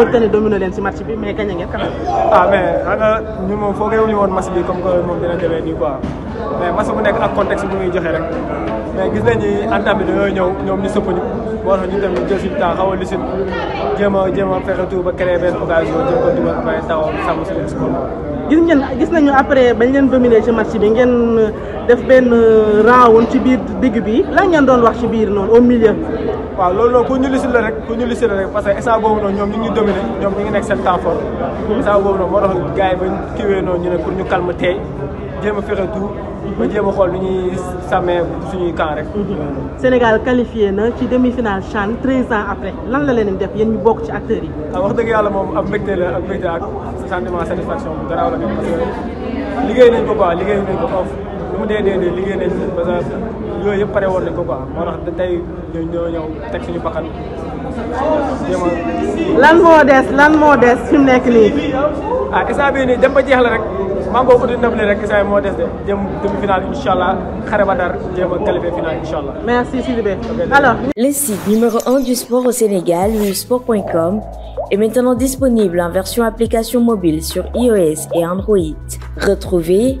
Mauritanie dominé leen si match bi mais gagné ngeen quand même. Ah, mais xanaa woon match bi comme que moom dina demee nekk ak contexte bu muy joxe rek mais gis nañ ni bi dañoo ñëw ñoom ñu sëppañu boo tax ñu tamit jël suñu temps xaw a lucide jéem a a fexe tout ba créer benn occasion ba leen score. gis ngeen gis ci match bi ngeen euh, def benn euh, round ci biir digg bi lan ngeen doon wax ci biir noonu au milieu. waaw loolu noonu ku ñu lissi la rek ku ñu lissi la rek parce que instant boobu noonu ñoom ñu ngi dominé ñoom ñu ngi nekk seen temps fort instant boobu noonu moo tax gars yi ba kiiwee noonu ñu ne pour ñu calme tey jéem a fexe tout ba jéem a xool nu ñuy sàmmee suñuy camp rek. Sénégal qualifié na ci demi-finale CHAN 13 ans après lan la leen def yéen ñu bokk ci acteurs yi. Ah, wax dëgg yàlla moom ab mbégte la ak mbégte ak sentiment satisfaction bu garaaw la parce que liggéey nañ ko quoi liggéey nañ ko foofu lu mu dee dee dee liggéey nañ parce que yooyu yëpp pare woon nañ ko quoi moo tax tey ñoo ñoo ñëw teg suñu bakkan lan moo des lan moo des fi mu nekk nii. ah instant bii nii dem ba jeex la rek maa ngi ko uti ndam rek instant moo des de jëm demi-finale incha allah xare ba dar jéem a qualifié finale incha allah. merci Sidibé. alors. Le site numéro 1 du sport au Sénégal, wiwsport.com, est maintenant disponible en version application mobile sur iOS et Android. Retrouvez